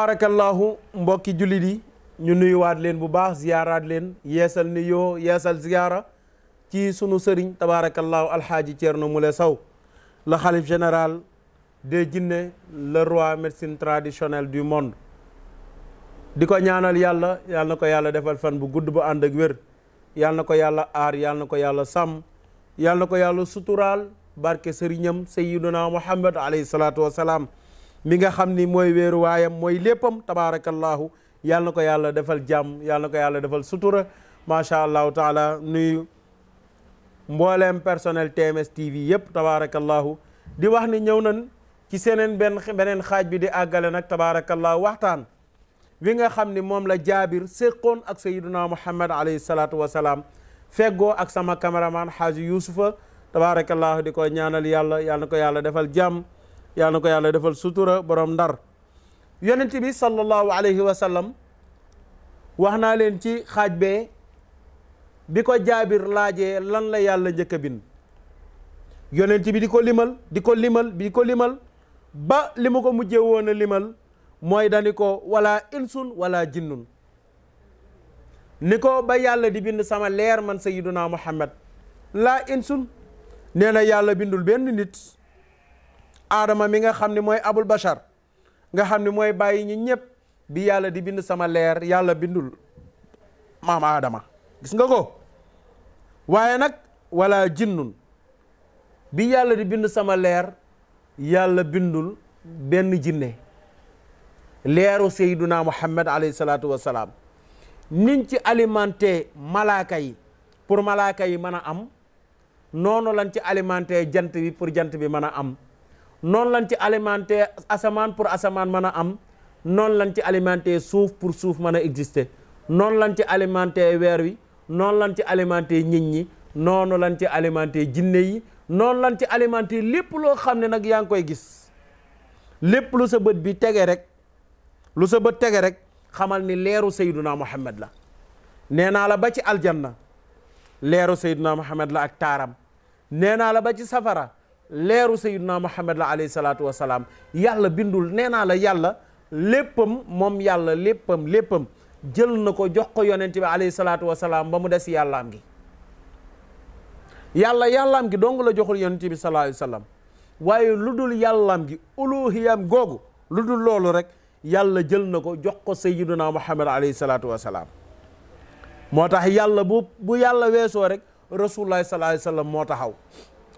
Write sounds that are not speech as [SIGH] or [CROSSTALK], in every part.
tabaarakallaahu mbokki jullit yi ñu nuyuwaat leen bu baax ziyaaraat leen yeesal nuyoo yeesal ziyaara ci sunu sëriñ tabaarakallaahu alxaaji Thierno Moule saw le xalif général des jinne le roi médecine traditionnelle du monde di ko ñaanal yàlla yàlla na ko yàlla defal fan bu gudd bu ànd ak wér yàlla na ko yàlla aar yàlla na ko yàlla sàmm yàlla na ko yàlla suturaal barke sëriñam sayyiduna muhammad alayhi salaatu wa mi nga xam ni mooy wéeru waayam mooy léppam tabaarakallaahu yàlla na ko yàlla defal jàmm yàlla ko yàlla defal sutura macha allahu taala nuy mbooleem personnel TMS TV yëpp tabaarakallaahu di wax ni ñëw nan ci seneen benn beneen xaaj bi di àggale nag tabaarakallaahu waxtaan wi nga xam ni moom la jaabir séqoon ak sayiduna muhammad alayhi salaatu wasalaam feggoo ak sama caméraman xaaji yusufa tabaarakallaahu di ko ñaanal yàlla yàlla ko yàlla defal jàmm yaa na ko yàlla defal sutura borom ndar yonent bi sallallahu alayhi wax naa leen ci xaaj bee bi ko jaabir laajee lan la yàlla jëkk a bind yonent bi di ko limal di ko limal di ko limal ba li mu ko mujjee woon limal mooy dani ko wala insun wala jinnun ni ko ba yàlla di bind sama leer man sayyiduna muhammad laa insun nee yàlla bindul benn nit aadama mi nga xam ni mooy abul bashar nga xam ne mooy bàyyi ñi ñëpp bi yàlla di bind sama leer yàlla bindul maam aadama gis nga ko waaye nag wala jinnun bi yàlla di bind sama leer yàlla bindul benn jinne leeru sayduna muhammad alayhi salaatu wasalaam niñ ci alimenté malaaka yi pour malaaka yi mën a am noonu lañ ci alimenté jant bi pour jant bi mën a am noonu lañ ci alimenté asamaan pour asamaan mën a am noonu lañ ci alimenté suuf pour suuf mën a exister noonu lañ ci alimenté weer wi noonu lañ ci alimenté nit ñi noonu lañ ci alimenté jinne yi noonu lañ ci alimenté lépp loo xam ne nag yaa ngi koy gis lépp lu sa bët bi tege rek lu sa bët tege rek xamal ni leeru sayduna muhammad la nee naa la ba ci aljanna leeru sayduna muhammad la ak taaram nee naa la ba ci safara leeru sayyiduna Muhammad la alayhi salaatu wa salaam yàlla bindul nee naa la yàlla léppam moom yàlla léppam léppam jël na ko jox ko yonent bi alayhi salaatu wa salaam ba mu des yàllaam gi yàlla yàllaam gi dong la joxul yonent bi sallallahu wa sallam waaye lu dul yàllaam gi uluhiyam googu lu dul loolu rek yàlla jël na ko jox ko sayyiduna Muhammad alayhi salaatu wa salaam moo tax yàlla bu yàlla weesoo rek rasulullahi sallallahu alayhi moo taxaw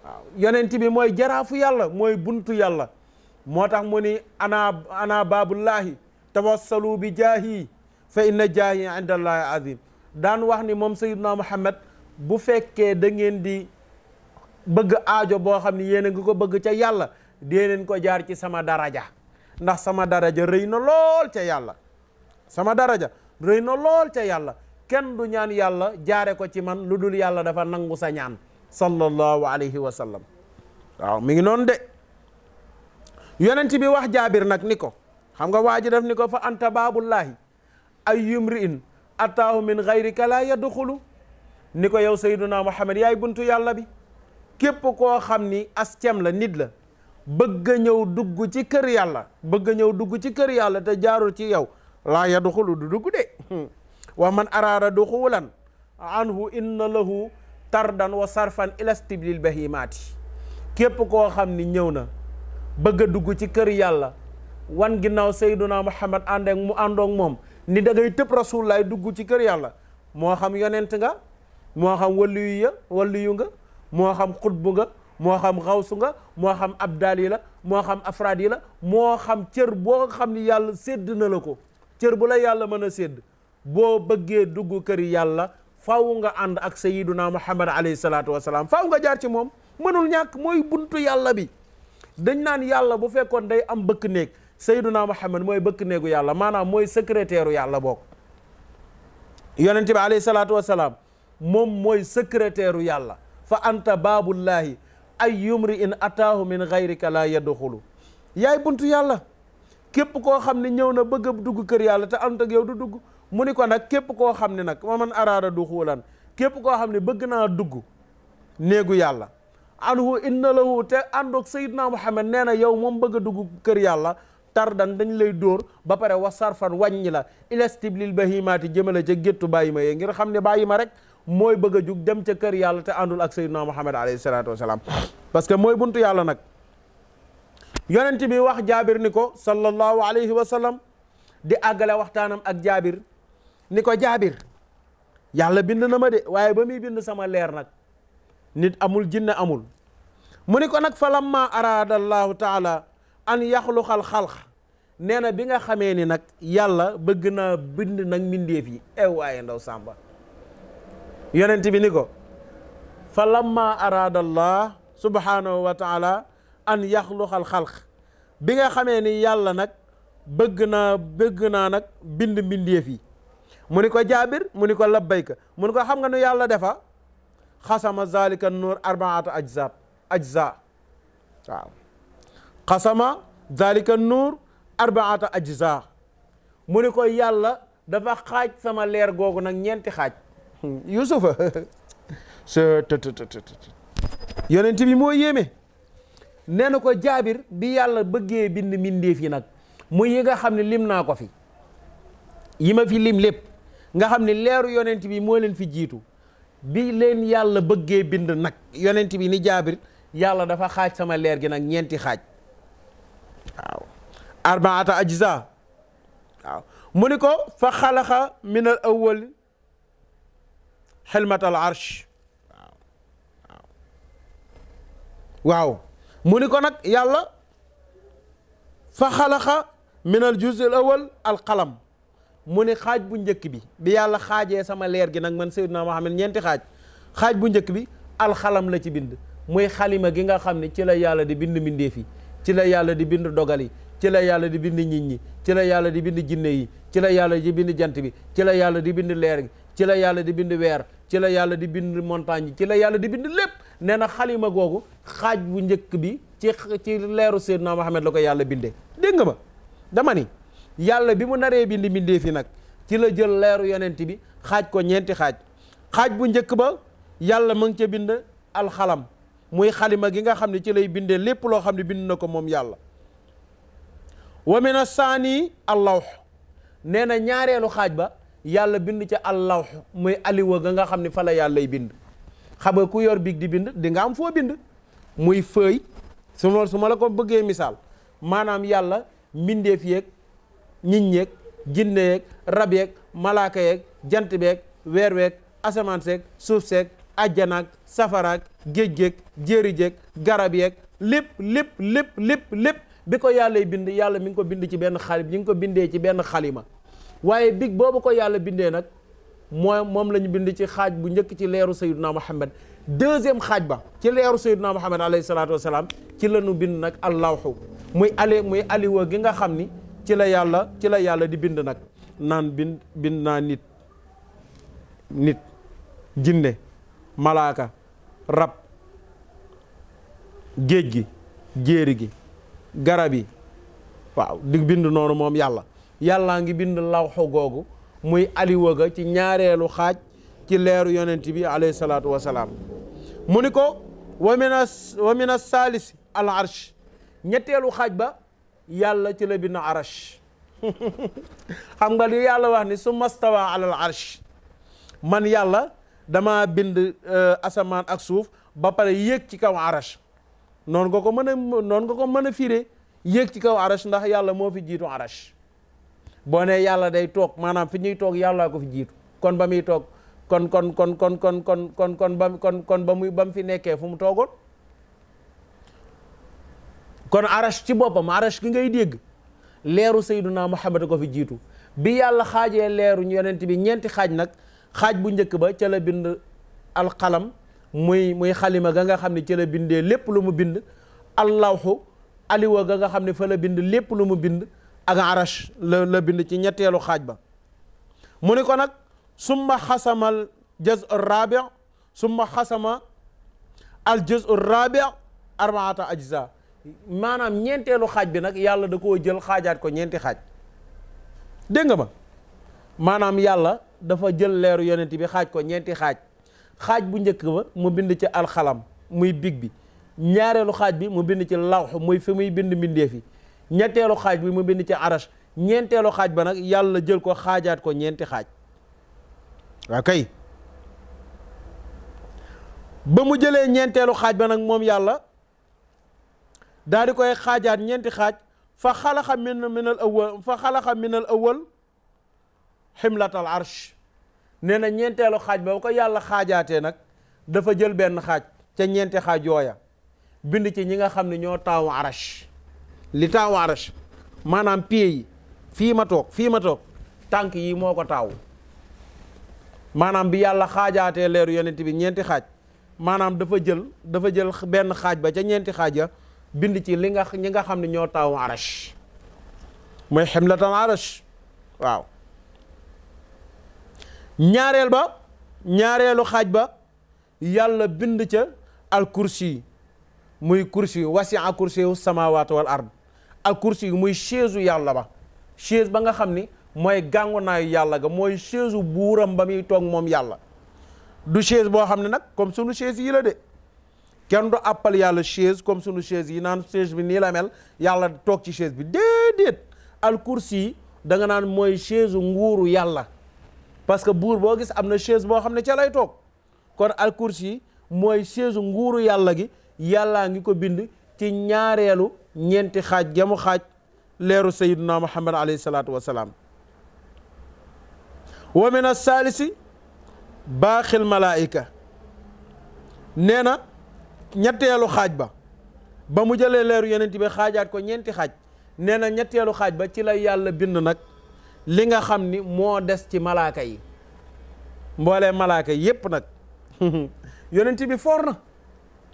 waaw yonent bi mooy jaraafu yàlla mooy buntu yàlla moo tax mu ni ana ana baabullaahi tawassalu bi jaahi fa inna jaahi indallahi azim daan wax ni moom sayidna muhammad bu fekkee da ngeen di bëgg aajo boo xam ne yéen a ngi ko bëgg ca yàlla dee ko jaar ci sama daraja ndax sama daraja rëy na lool ca yàlla sama daraja rëy na lool ca yàlla kenn du ñaan yàlla jaare ko ci man lu dul yàlla dafa nangu sa ñaan sallallahu alayhi wa sallam waaw mi ngi noon de yonent bi wax jaabir nag ni ko xam nga waa ji ni ko fa anta baabullaahi ay yumriin ataahu min gayrika laa yadxulu ni ko yow sayduna muhammad yaay buntu yàlla bi képp koo xam ni as cem la nit la bëgg a ñëw dugg ci kër yàlla bëgg ñëw dugg ci kër yàlla te jaarul ci yow laa yadxulu du dugg de [LAUGHS] wa man araada duxulan anhu inna lahu tardan wa sarfan ilastiblil bahimaati képp koo xam ni ñëw na bëgg a dugg ci kër yàlla wan ginnaaw sayduna muhammad ànd ak mu àndook moom ni da ngay tëb rasulullaay dugg ci kër yàlla moo xam yonent nga moo xam waliyu ya waliyu nga moo xam xutbu nga moo xam xawsu nga moo xam abdal yi la moo xam afraad la moo xam cër boo xam ni yàlla sédd na la ko cër bu la yàlla mën a sédd boo bëggee dugg kër yàlla faaw nga ànd ak sayiduna muhammad alayhi salaatu wasalaam faaw nga jaar ci moom mënul ñàkk mooy buntu yàlla bi dañ naan yàlla bu fekkoon day am bëkk néeg sayiduna muhammad mooy bëkk néegu yàlla maanaam mooy secrétaire yàlla bokk yonent bi alayhi salaatu wasalaam moom mooy secrétaire yàlla fa anta baabullaahi ay yumri in ataahu min gayrika laa yadxulu yaay buntu yàlla képp koo xam ne ñëw na bëgg a dugg kër yàlla ta ànd ak yow du dugg mu ni ko nag képp koo xam ne nag ma man araada du xuulan képp koo xam ne bëgg naa dugg néegu yàlla anhu inna lahu te àndoog sayidna muhammad nee na yow moom bëgg a dugg kër yàlla tar tardan dañ lay dóor ba pare wa sarfan wàññi la ilastiblil bahimaati jëmale ca géttu bàyyi ma yee ngir xam ne bàyyi ma rek mooy bëgg a jug dem ca kër yàlla te àndul ak sayidna muhammad alayhi salaatu wasalaam parce que mooy buntu yàlla nag yonent bi wax jaabir ni ko sallallahu alayhi wa sallam di àggale waxtaanam ak jaabir ni ko jaabir yàlla bind na ma de waaye ba muy bind sama leer nag nit amul jinne amul mu ni ko nag fa lamma araada allahu taala an yaxluqal xalq nee bi nga xamee ni nag yàlla bëgg naa bind nag mbindeef yi ew waaye ndaw sàmba yonent bi ni ko fa lamma araada allah wa taala an yaxluqal xalq bi nga xamee ni yàlla nag bëgg naa bëgg naa nag bind mbindeef yi mu ni ko jaabir mu ni ko labbayka mu ni ko xam nga nu yàlla defa xasama zaalika nuur arbaata ajza ajza waaw xasama zalika nuur arbaata ajza mu ni ko yàlla dafa xaaj sama leer googu nag ñeenti xaaj [LAUGHS] yusufa yonent bi moo yéeme nee na ko jaabir bi yàlla bëggee bind mbindéef fii nag mu yi nga xam ne lim naa ko fi yi ma fi lim lépp nga xam ne leeru yonent bi moo leen fi jiitu bi leen yàlla bëggee bind nag yonent bi ni jaabir yàlla dafa xaaj sama leer gi nag ñeenti xaaj waaw arbaata mu ni ko fa xalaqa min al awal xilmat al arsh waaw mu ni ko nag yàlla fa xalaqa min al juz al awal al qalam mu ne xaaj bu njëkk bi bi yàlla xaajee sama leer gi nag man Seydina Muhammad ñeenti xaaj xaaj bu njëkk bi alxalam la ci bind muy xalima gi nga xam ne ci la yàlla di bind mbindeef yi ci la yàlla di bind dogal yi ci la yàlla di bind nit ñi ci la yàlla di bind jinne yi ci la yàlla di bind jant bi ci la yàlla di bind leer gi ci la yàlla di bind weer ci la yàlla di bind montagne yi ci la yàlla di bind lépp nee na xalima googu xaaj bu njëkk bi ci ci leeru Seydina Muhammad la ko yàlla bindee yàlla bi mu naree bind mbindeef yi nag ci la jël leeru yonent bi xaaj ko ñeenti xaaj xaaj bu njëkk ba yàlla mu ngi ca bind alxalam muy xalima gi nga xam ne ci lay bindee lépp loo xam ne bind na ko moom yàlla wa min asaani allawx nee na ñaareelu xaaj ba yàlla bind ca allawx muy aliwa ga nga xam ne fa la yàllay bind xam nga ku yor big di bind dinga am foo bind muy fëy su ma su ma la ko bëggee misaal maanaam yàlla mbindeef yéeg ñiñ ñeeg jinne yeeg rab yeeg malaaka yeeg jant beeg weer week asamaan seeg suuf seeg ajjanaak safaraak géej géek jéeri jéeg garab yeeg lépp lépp lépp lépp lépp bi ko yàllay bind yàlla mi ngi ko bind ci benn xalim ñi ngi ko bindee ci benn xalima waaye big boobu ko yàlla bindee nag mooy moom la ñu bind ci xaaj bu njëkk ci leeru sayiduna muhammad deuxième xaaj ba ci leeru sayiduna muhammad alayhi salaatu wasalaam ci la bind nag allawxu muy ali muy aliwa gi nga xam ni ci la yàlla ci la yàlla di bind nag naan bind bind naa nit nit jinne malaaka rab géej gi jéeri gi garab yi waaw di bind noonu moom yàlla yàllaa ngi bind lawxu googu muy aliwa ga ci ñaareelu xaaj ci leeru yonent bi alayhi salaatu wasalaam mu ni ko wa mina wa mina saalisi al arsh ñetteelu xaaj ba yàlla ci la bind arash xam nga li yàlla wax ni su mastawa alal arsh man yàlla dama bind asamaan ak suuf ba pare yéeg ci kaw arash noonu nga ko mën a noonu nga ko mën a firee yéeg ci kaw arash ndax yàlla moo fi jiitu arash boo nee yàlla day toog maanaam fi ñuy toog yàllaa ko fi jiitu kon ba muy toog kon kon kon kon kon kon kon kon ba kon kon ba muy ba mu fi nekkee fu mu toogoon kon arash ci boppam arash gi ngay dégg leeru sayduna muhammad ko fi jiitu bi yàlla xaajee leeru yonent bi ñeenti xaaj nag xaaj bu njëkk ba ca la bind alkalam muy muy xalima ga nga xam ne ca la bindee lépp lu mu bind allawxu aliwa ga nga xam ne fa bind lépp lu mu bind ak arash la la bind ci ñetteelu xaaj ba mu ni ko nag summa xasama al juz rabi summa xasama al juz rabi arbaata ajza maanaam ñeenteelu xaaj bi nag yàlla da koo jël xaajaat ko ñeenti xaaj dégg nga ma maanaam yàlla dafa jël leeru yonent bi xaaj ko ñeenti xaaj xaaj bu njëkk ba mu bind ci alxalam muy big bi ñaareelu xaaj bi mu bind ci lawx muy fi bind mbindeef yi ñetteelu xaaj bi mu bind ci arash ñeenteelu xaaj ba nag yàlla jël ko xaajaat ko ñeenti xaaj waaw kay ba mu jëlee ñeenteelu xaaj ba nag moom yàlla daal di koy xaajaat ñeenti xaaj fa xalaxa min min al awal fa xalaxa min al awal ximlat arsh nee na ñeenteelu xaaj ba ko yàlla xaajaatee nag dafa jël benn xaaj ca ñeenti xaaj yooya bind ci ñi nga xam ne ñoo taawu arash li taawu arash maanaam pied yi fii ma toog fii ma toog tànk yi moo ko taaw maanaam bi yàlla xaajaatee leeru yonent bi ñeenti xaaj maanaam dafa jël dafa jël benn xaaj ba ca ñeenti xaaj ya bind ci li nga ñi nga xam ne ñoo taawu arash mooy ximlatan arash waaw ñaareel ba ñaareelu xaaj ba yàlla bind ca al kursi muy kursi wasi'a wu samaawaati wal ard al kursi muy chaise yàlla ba chaise ba nga xam ni mooy gàngunaayu yàlla ga mooy chaise buuram ba muy toog moom yàlla du chaise boo xam ne nag comme sunu chaise yi la de kenn du appal yàlla chaise comme sunu chaise yi naan chaise bi nii la mel yàlla toog ci chaise bi déedéet al kursi da nga naan mooy chaise nguuru yàlla parce que buur boo gis am na chaise boo xam ne ca toog kon al kursi mooy chaise nguuru yàlla gi yàllaa ngi ko bind ci ñaareelu ñeenti xaaj jamu xaaj leeru sayiduna muhammad alayhi salaatu wasalaam wa min as saalisi baaxil malaayika nee na ñetteelu xaaj ba ba mu jëlee leeru yonent bi xaajaat ko ñeenti xaaj nee na ñetteelu xaaj ba ci la yàlla bind nag li nga xam ni moo des ci malaaka yi mboolee malaaka yépp nag [LAUGHS] yonent bi foor na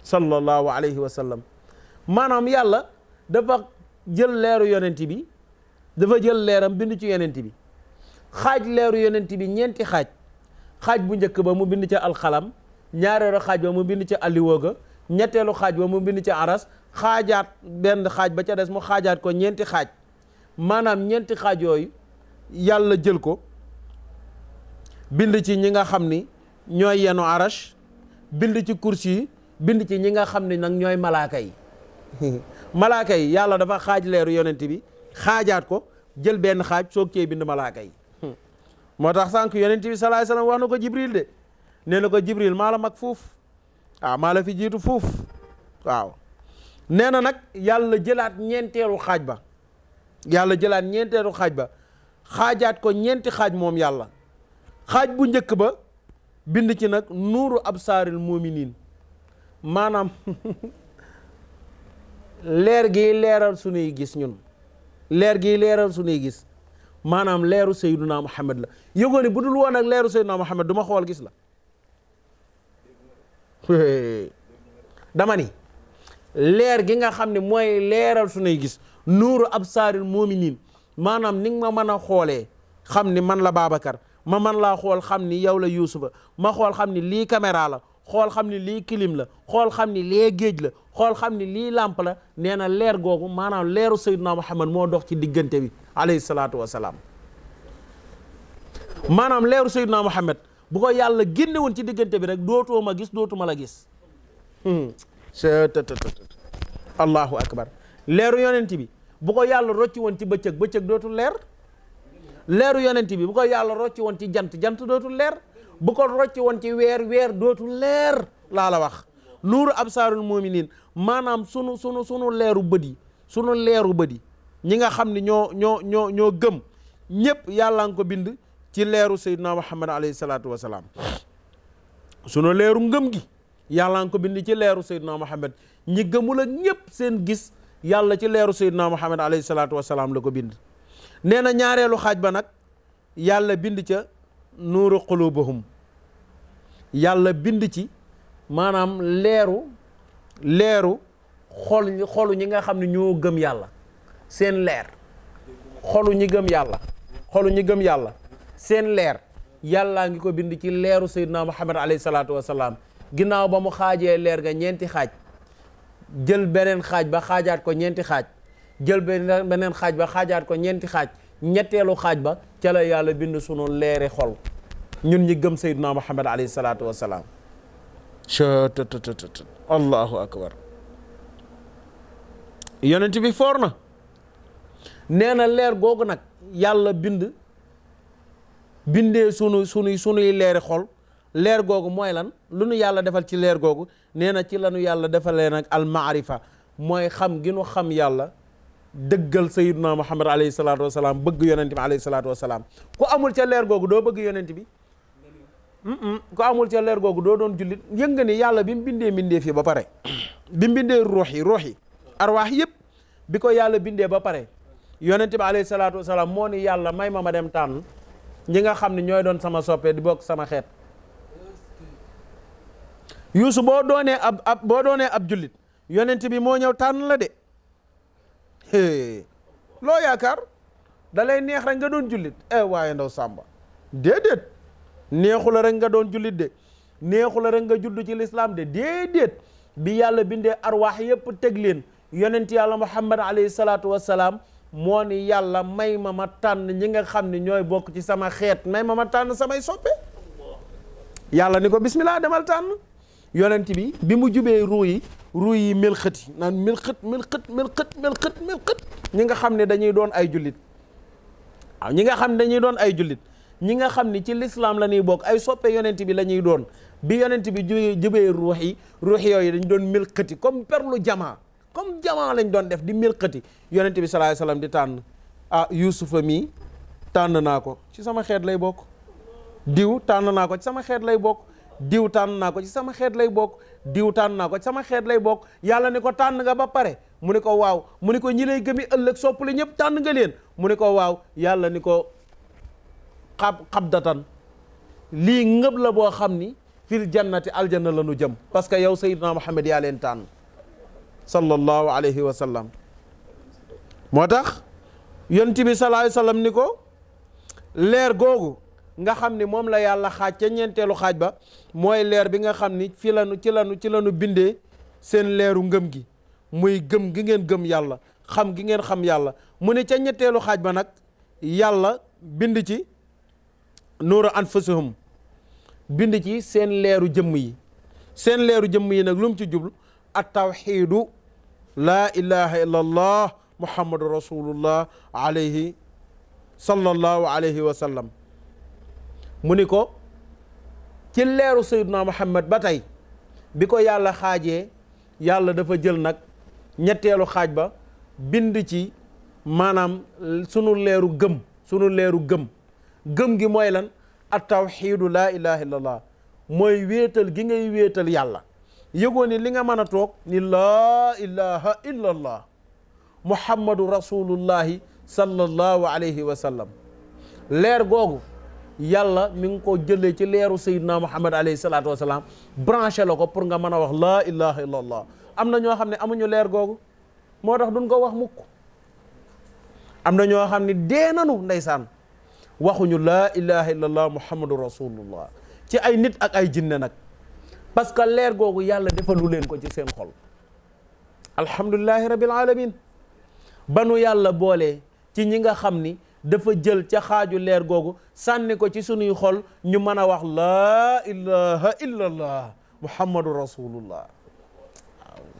sallallahu alayhi wa sallam maanaam yàlla dafa jël leeru yonent bi dafa jël leeram bind ci yonent bi xaaj leeru yonent bi ñeenti xaaj xaaj bu njëkk ba mu bind ca alxalam ñaareelu xaaj ba mu bind ca alliwoo ñetteelu xaaj ba mu bind ci aras xaajaat benn xaaj ba ca des mu xaajaat ko ñeenti xaaj maanaam ñeenti xaaj yooyu yàlla jël ko bind ci ñi nga xam ni ñooy yenu arash bind ci kursi yi bind ci ñi nga xam ni nag ñooy malaaka yi [LAUGHS] malaaka yi yàlla dafa xaaj leeru yonent bi xaajaat ko jël benn xaaj soog cee bind malaaka yi hmm. moo tax sànq yonent bi sallallahu alayhi wax na ko jibril de nee na ko jibril maa la mag fuuf waaw maa la fi jiitu foofu waaw nee na nag yàlla jëlaat ñeenteelu xaaj ba yàlla jëlaat ñeenteelu xaaj ba xaajaat ko ñeenti xaaj moom yàlla xaaj bu njëkk ba bind ci nag nuuru absaaril muminin maanaam [LAUGHS] leer gi leeral sunuy gis ñun leer gi leeral sunuy gis maanaam leeru sayduna muhammad la yëgoon ni bu dul woon ak leeru sayduna muhammad du ma xool gis la Euh, dama ni leer gi nga xam ne mooy leeral su suñuy gis nuuru absaaril muuminiin maanaam ni nga ma mën a xoolee xam ni man la Babacar ma man laa xool xam ni yow la Yuusufa ma xool xam ni lii caméra la xool xam ni lii kilim la xool xam ni lee géej la xool xam ni lii làmp la nee na leer googu maanaam leeru Seydina Muhammad moo dox ci diggante bi alayhi maanaam leeru Seydina Muhammad bu ko yàlla génne woon ci diggante bi rek dootoo ma gis dootu ma la gis hmm. allahu akbar leeru yonent bi bu ko yàlla rocci woon ci bëccëg bëccëg dootul leer leeru yonent bi bu ko yàlla rocci woon ci jant jant dootul leer bu ko rocci woon ci weer weer dootul leer laa la wax nuuru absaarul muminin maanaam sunu sunu sunu leeru bët yi sunu leeru bët yi ñi nga xam ni ñoo ñoo ñoo gëm ñépp yàlla nga ko bind ci leeru sayyidina Muhammad alayhi salaatu wa salaam sunu leeru ngëm gi yàlla nga ko bind ci leeru sayyidina Muhammad ñi gëmul ak ñëpp seen gis yàlla ci leeru sayyidina Muhammad alayhi salaatu wa salaam la ko bind. nee na ñaareelu xaaj ba nag yàlla bind ca nuuru qulubahum yàlla bind ci maanaam leeru leeru xol xolu ñi nga xam ne ñoo gëm yàlla seen leer xolu ñi gëm yàlla xolu ñi gëm yàlla seen leer yàllaa ngi ko bind ci leeru sayyidina muhammad alayhi salaatu salaam ginnaaw ba mu xaajee leer nga ñeenti xaaj jël beneen xaaj ba xaajaat ko ñeenti xaaj jël beneen xaaj ba xaajaat ko ñeenti xaaj ñetteelu xaaj ba ca yàlla bind sunu leeri xol ñun ñi gëm sayyidina muhammad alayhi salaatu wasalaam ctt allahu akbar yonent bi foor na nee na leer googu nag yàlla bind bindee sunu sunu sunuy leeri xol leer googu mooy lan lu nu yàlla defal ci leer googu nee na ci lanu yàlla defalee nag almaarifa mooy xam gi nu xam yàlla dëggal sayiduna muhammad alayhi salaatu salaam bëgg yonent bi alayhi salaatu wasalaam ku amul ca leer googu doo bëgg yonent bi ku amul ca leer googu doo doon jullit yënga ni yàlla bi mu bindee mbindee fii ba pare bi mu bindee ruux yi ruux yi arwaax yëpp bi ko yàlla bindee ba pare yonent bi alayhi salaatu wasalaam moo ni yàlla may ma ma dem tànn ñi nga xam ne ñooy doon sama soppee di bokk sama xeet yuusu boo doonee ab ab boo doonee ab jullit yonent bi moo ñëw tànn la de loo yaakaar dalay neex rek nga doon jullit eh waaye ndaw sàmba déedéet neexu la rek nga doon jullit de neexu la rek nga judd ci lislaam de déedéet bi yàlla bindee arwaax yépp teg leen yonent yàlla muhammad alayhi salaatu wassalaam moo ni yàlla may ma ma tànn ñi nga xam ne ñooy bokk ci sama xeet may ma ma tànn samay soppe yàlla ni ko bismillah demal tànn yonent bi bi mu jubee ruu yi ruu yi mil xëti naan mil xët mil xët ñi nga xam ne dañuy doon ay jullit waaw ñi nga xam ne dañuy doon ay jullit ñi nga xam ni ci lislaam la ñuy bokk ay soppe yonent bi la ñuy doon bi yonent bi jubee ruux yi ruux yooyu dañ doon mil xëti comme perlu jamaa comme jamono lañ doon def di milqati yonent bi sallallahu alayhi wasallam di tànn ah yuusufa mii tànn naa ko ci sama xeet lay bokk diw tànn naa ko ci sama xeet lay bokk diw tànn naa ko ci sama xeet lay bokk diw tànn naa ko ci sama xeet lay bokk yàlla ne ko tànn nga ba pare mu ne ko waaw mu ni ko ñi lay gëmi ëllëg soppali ñëpp tànn nga leen mu ne ko waaw yàlla ni ko xab xabdatan lii ngëb la boo xam ni fil jannati aljanna la nu jëm parce que yow sayyidina Muhammad yaa leen tànn sallallahu alayhi wa sallam moo tax yont bi sallallahu alayhi ni ko leer googu nga xam ni moom la yàlla xaaj ca ñeenteelu xaaj ba mooy leer bi nga xam ni fi lanu ci lanu ci lanu bindee seen leeru ngëm gi muy gëm gi ngeen gëm yàlla xam gi ngeen xam yàlla mu ne ca ñetteelu xaaj ba nag yàlla bind ci nuuru anfusihum bind ci seen leeru jëmm yi seen leeru jëmm yi nag lu mu ci jublu at tawxiidu laa ilaha illa allah muhammadu rasulullah alayhi sallallahu alayhi wa mu ni ko ci leeru sayyiduna muhammad ba tey bi ko yàlla xaajee yàlla dafa jël nag ñetteelu xaaj ba bind ci maanaam sunu leeru gëm sunu leeru gëm gëm gi mooy lan at tawxiidu laa ilaha illa allah mooy wéetal gi ngay wéetal yàlla yëgoo ni li nga mën a toog ni laa ilaha illa allah muhammadu rasulullahi sallallahu alayhi wa sallam leer googu yàlla mi ngi ko jëlee ci leeru sayidna muhammad alayhi salatu wasalaam branché la ko pour nga mën a wax laa ilaha illa am na ñoo xam ne amuñu leer googu moo tax duñ ko wax mukk am na ñoo xam ni dee nanu ndeysaan waxuñu laa ilaha illa allah muhammadu rasulullah ci ay nit ak ay jinne nag parce que leer googu yàlla defalu leen ko ci seen xol alhamdulilahi rabbil alamin ba yàlla boolee ci ñi nga xam ni dafa jël ca xaaju leer googu sànni ko ci sunuy xol ñu mën a wax laa ilaha illallah muhammadu rasulullah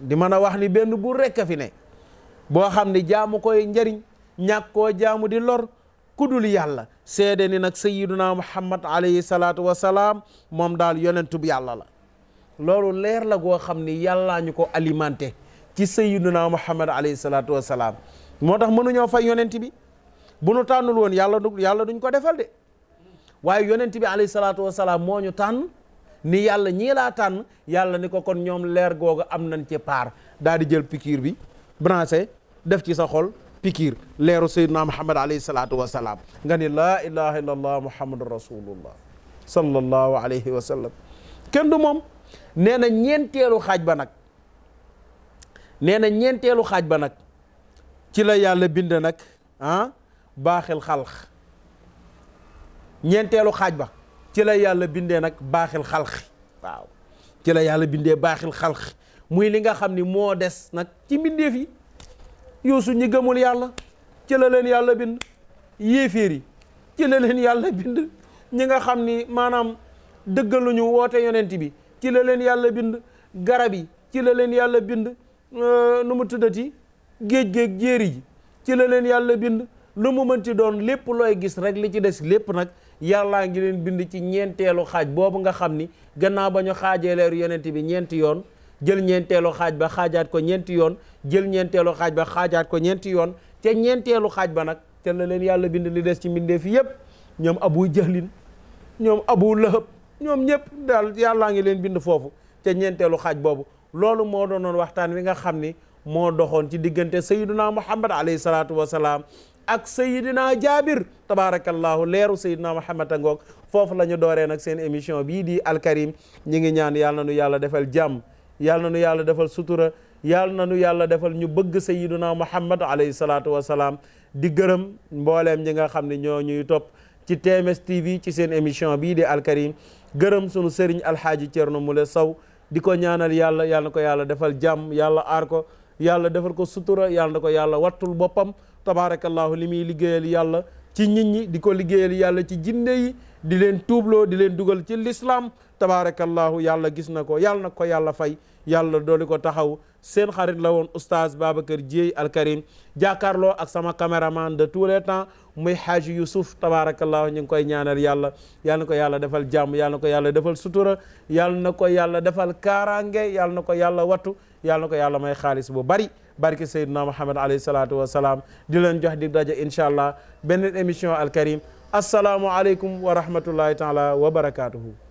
di mën a wax ni benn buur rekk a fi ne boo xam ni jaamu koy njariñ ñàkk koo jaamu di lor kudul yàlla seede ni nag sayiduna muhammad alayhi salaatu salaam moom daal yonentub yàlla la loolu leer la goo xam ni yàllaa ñu ko alimenté ci sayyiduna muhammad alayhi salaatu wa salaam moo tax mënuñoo fay yonent bi bu nu tànnul woon yàlla du yàlla duñ ko defal de waaye yonent bi alayhi salaatu wa moo ñu tànn ni yàlla ñii laa tànn yàlla ni ko kon ñoom leer googu am nañ ci paar daal di jël pikiir bi branché def ci sa xol pikiir leeru sayyiduna muhammad alayhi salaatu wa salaam nga ni la ilaha illallah muhammadu rasulullah sallallahu alayhi wa sallam kenn nee na ñeenteelu xaaj ba nag neena ñeenteelu xaaj ba nag ci la yàlla bind nag ah baaxil xalq ñeenteelu xaaj ba ci la yàlla bindee nag baaxil xalq waaw ci la yàlla bindee baaxil xalq muy li nga xam ni moo des nag ci mbindeef yi yoosu ñi gëmul yàlla ci la leen yàlla bind yéeféer yi ci la leen yàlla bind ñi nga xam ni maanaam dëgg lañu woote yonent bi ci la leen yàlla bind garab yi ci la leen yàlla bind euh, nu mu tuddati géej géej jéeri ji ci la leen yàlla bind lu mu mënti doon lépp looy gis rek li ci des lépp nag yàllaa ngi leen bind ci ñeenteelu xaaj boobu nga xam ni gannaaw ba ñu xaajee leeru yonent bi ñeenti yoon jël ñeenteelu xaaj ba xaajaat ko ñeenti yoon jël ñeenteelu xaaj ba xaajaat ko ñeenti yoon te ñeenteelu xaaj ba nag te la leen yàlla bind li des ci mbindeef yépp ñoom abu jahlin ñoom abu lahab ñoom ñëpp daal yàllaa ngi leen bind foofu ca ñeenteelu xaaj boobu loolu moo doonoon waxtaan wi nga xam ni moo doxoon ci diggante sayiduna muhammad alayhi salaatu wasalaam ak sayidina jaabir tabarakallahu leeru sayidina muhammad a ngoog foofu la ñu dooree nag seen émission bii di alkarim ñi ngi ñaan yàlla na nu yàlla defal jàmm yàlla nu yàlla defal sutura yàlla na nu yàlla defal ñu bëgg sayiduna muhammad alayhi salaatu wasalaam di gërëm mbooleem ñi nga xam ne ñoo ñuy topp ci TMS TV ci seen émission bii de alkarim gërëm sunu sëriñ no Thierno Moule saw di ko ñaanal yàlla yàlla ko yàlla defal jàmm yàlla aar ko yàlla defal ko sutura yàlla na ko yàlla wattul boppam tabaarakallaahu li muy liggéeyal yàlla ci nit ñi di ko liggéeyal yàlla ci jinne di leen tuubloo di leen dugal ci lislaam tabaarakallaahu yàlla gis na ko yàlla na ko yàlla fay yàlla dooli ko taxaw seen xarit la woon oustaz kër Dieye Alkarim jàkkaarloo ak sama caméraman de tous les temps muy Haji Youssouf tabaarakallaahu ñu ngi koy ñaanal yàlla yàlla ko yàlla defal jàmm yàlla na ko yàlla defal sutura yàlla na ko yàlla defal kaaraange yàlla na ko yàlla wattu yàlla ko yàlla may xaalis bu bari barke Seydina Muhammad alayhi salaatu wa salaam di leen jox di daje incha allah beneen émission Alkarim asalaamualeykum wa rahmatullahi taala wa barakaatuhu.